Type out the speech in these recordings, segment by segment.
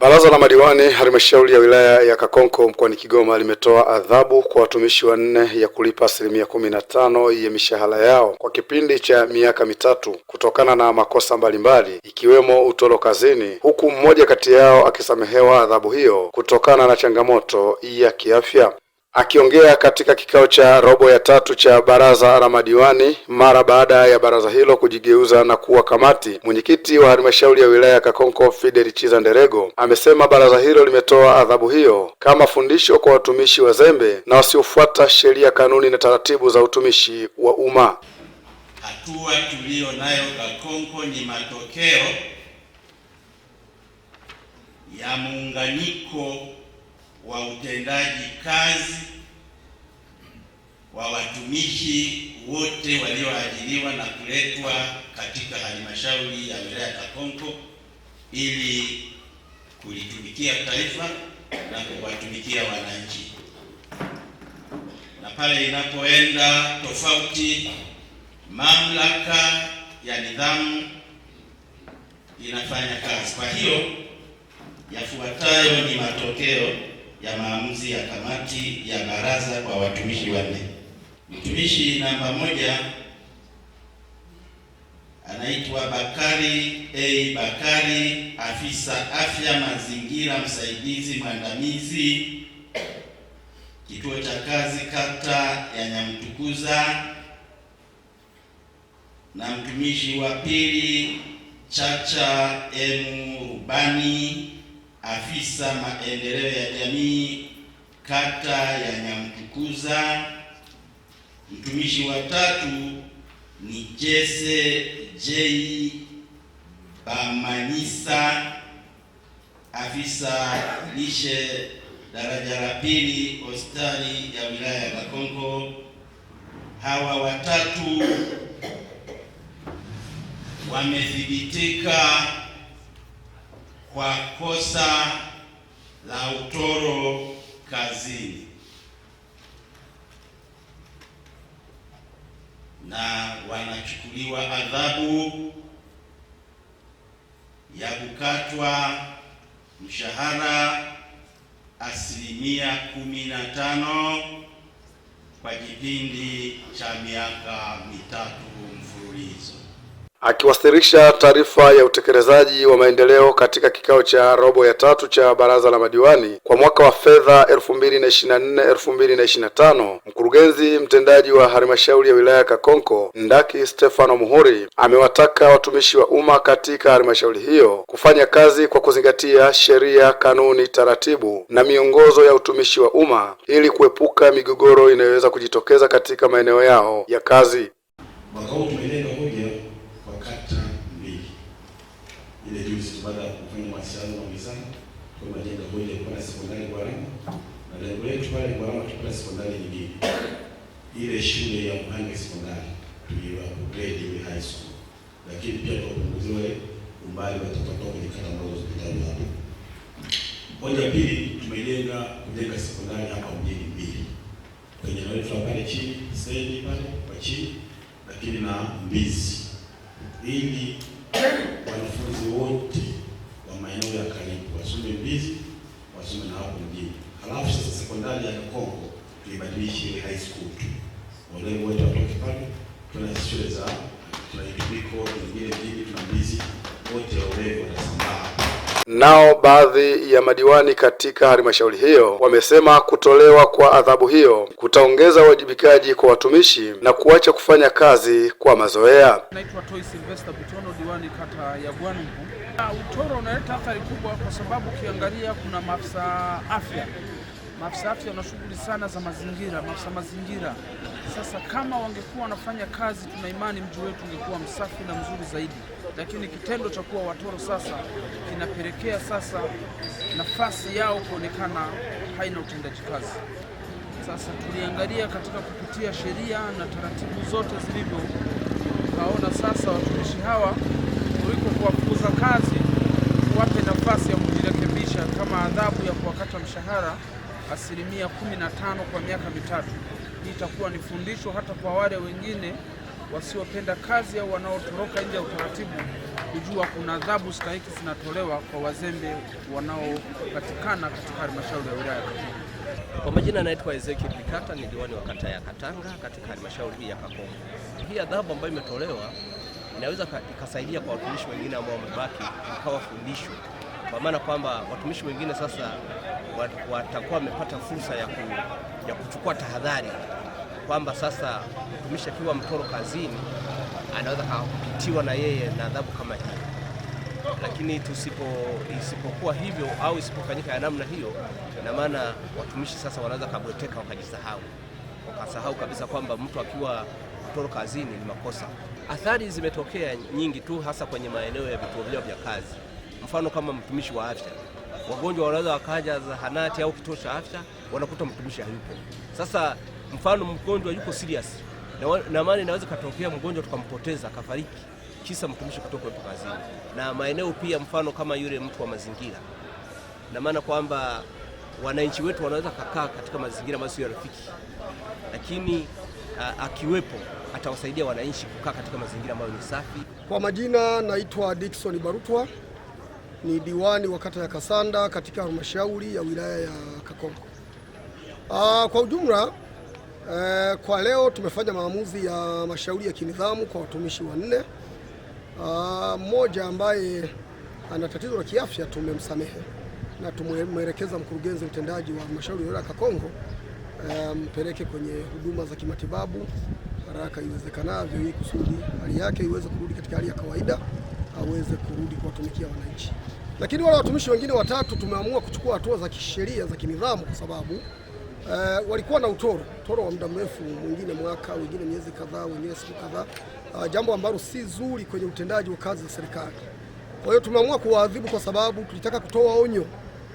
Baraza la madiwani halmashauri ya wilaya ya Kakonko mkoani Kigoma limetoa adhabu kwa watumishi wanne ya kulipa asilimia kumi na tano ya mishahara yao kwa kipindi cha miaka mitatu kutokana na makosa mbalimbali ikiwemo utoro kazini, huku mmoja kati yao akisamehewa adhabu hiyo kutokana na changamoto ya kiafya. Akiongea katika kikao cha robo ya tatu cha baraza la madiwani mara baada ya baraza hilo kujigeuza na kuwa kamati, mwenyekiti wa halmashauri ya wilaya ya Kakonko Fidel Chiza Nderego amesema baraza hilo limetoa adhabu hiyo kama fundisho kwa watumishi wazembe na wasiofuata sheria, kanuni na taratibu za utumishi wa umma. Hatua tuliyo nayo Kakonko ni matokeo ya muunganiko wa utendaji kazi wa watumishi wote walioajiriwa na kuletwa katika halmashauri ya wilaya Kakonko ili kulitumikia taifa na kuwatumikia wananchi, na pale inapoenda tofauti, mamlaka ya nidhamu inafanya kazi. Kwa hiyo yafuatayo ni matokeo ya maamuzi ya kamati ya baraza kwa watumishi wanne. Mtumishi namba moja anaitwa Bakari A. Bakari, afisa afya mazingira msaidizi mwandamizi, kituo cha kazi kata ya Nyamtukuza. Na mtumishi wa pili Chacha M. Rubani afisa maendeleo ya jamii kata ya Nyamtukuza. Mtumishi wa tatu ni Jesse J Bamanyisa, afisa lishe daraja la pili hospitali ya wilaya ya Bakongo. Hawa watatu wamethibitika kwa kosa la utoro kazini na wanachukuliwa adhabu ya kukatwa mshahara asilimia kumi na tano kwa kipindi cha miaka mitatu. Akiwasilisha taarifa ya utekelezaji wa maendeleo katika kikao cha robo ya tatu cha baraza la madiwani kwa mwaka wa fedha 2024 2025, mkurugenzi mtendaji wa halmashauri ya wilaya ya Kakonko Ndaki Stefano Muhuri amewataka watumishi wa umma katika halmashauri hiyo kufanya kazi kwa kuzingatia sheria, kanuni, taratibu na miongozo ya utumishi wa umma ili kuepuka migogoro inayoweza kujitokeza katika maeneo yao ya kazi. pale nikaona tukiwa sekondari nyingine, ile shule ya Mpange sekondari tuliwa upgrade ile high school, lakini pia tukapunguziwe umbali wa tukatoka kwenye kata moja hospitali hapo. Hoja pili, tumejenga kujenga sekondari hapa mjini mbili kwenye nawetu pale chini seni pale kwa chini, lakini na Mbizi ili wanafunzi wote wa maeneo ya karibu wasome Mbizi, wasome na hapo mjini halafu serikali ya Kongo tuibadilishe ile high school tu. Walimu wetu watoke pale, tuna shule za tuna itubiko vingine vingi, tuna mbizi wote waweko wanasambaa. Nao baadhi ya madiwani katika halmashauri hiyo wamesema kutolewa kwa adhabu hiyo kutaongeza uwajibikaji kwa watumishi na kuacha kufanya kazi kwa mazoea. Naitwa Toi Sylvester Butono, diwani kata ya Bwanambu. Ah, utoro unaleta athari kubwa, kwa sababu ukiangalia kuna maafisa afya maafisa afya wana shughuli sana za mazingira, maafisa mazingira. Sasa kama wangekuwa wanafanya kazi, tuna imani mji wetu ungekuwa msafi na mzuri zaidi, lakini kitendo cha kuwa watoro sasa kinapelekea sasa nafasi yao kuonekana haina utendaji kazi. Sasa tuliangalia katika kupitia sheria na taratibu zote zilivyo, tukaona sasa watumishi hawa kuliko kuwafukuza kazi, wape nafasi ya kujirekebisha, kama adhabu ya kuwakata mshahara asilimia tano kwa miaka mitatu. Hii itakuwa ni fundisho hata kwa wale wengine wasiopenda kazi au wanaotoroka nje ya utaratibu kujua kuna adhabu stahiki zinatolewa kwa wazembe wanaopatikana katika halmashauri ya wilaya Kakongo. Kwa majina naitwa Ezekiel Bikata, ni diwani wa kata ya Katanga katika halmashauri hii ya Kakongo. Hii adhabu ambayo imetolewa inaweza ikasaidia kwa watumishi wengine ambao wamebaki, ikawa fundisho, kwa maana kwamba watumishi wengine sasa watakuwa wamepata fursa ya, ku, ya kuchukua tahadhari kwamba sasa mtumishi akiwa mtoro kazini anaweza kapitiwa na yeye na adhabu kama hii, lakini tusipo isipokuwa hivyo au isipofanyika ya namna hiyo, na maana watumishi sasa wanaweza kabweteka wakajisahau, wakasahau kabisa kwamba mtu akiwa mtoro kazini ni makosa. Athari zimetokea nyingi tu, hasa kwenye maeneo ya vituo vyao vya kazi, mfano kama mtumishi wa afya wagonjwa wanaweza wakaja zahanati au kituo cha afya, wanakuta mtumishi hayupo. Sasa mfano mgonjwa yuko serious na, na maana inaweza katokea mgonjwa tukampoteza akafariki kisa mtumishi kutokuwepo kazini, na maeneo pia mfano kama yule mtu wa mazingira, na maana kwamba wananchi wetu wanaweza kakaa katika mazingira ambayo sio rafiki, lakini a, akiwepo atawasaidia wananchi kukaa katika mazingira ambayo ni safi. Kwa majina naitwa Dickson Barutwa ni diwani wa kata ya Kasanda katika halmashauri ya wilaya ya Kakonko. Aa, ah, kwa ujumla e, kwa leo tumefanya maamuzi ya mashauri ya kinidhamu kwa watumishi wanne. Ah, mmoja ambaye ana tatizo la kiafya tumemsamehe na tumemwelekeza mkurugenzi mtendaji wa halmashauri ya Kakonko eh, mpeleke um, kwenye huduma za kimatibabu haraka iwezekanavyo, ili kusudi hali yake iweze kurudi katika hali ya kawaida, aweze kurudi kuwatumikia wananchi. Lakini wale watumishi wengine watatu tumeamua kuchukua hatua za kisheria za kinidhamu kwa sababu uh, walikuwa na utoro utoro wa muda mrefu, mwingine mwaka, wengine miezi kadhaa, wengine siku kadhaa, uh, jambo ambalo si zuri kwenye utendaji wa kazi za serikali. Kwa hiyo tumeamua kuwaadhibu kwa sababu tulitaka kutoa onyo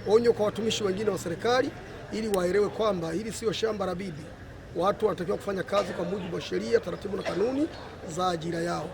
onyo kwa watumishi wengine wa serikali ili waelewe kwamba hili sio shamba la bibi. Watu wanatakiwa kufanya kazi kwa mujibu wa sheria, taratibu na kanuni za ajira yao.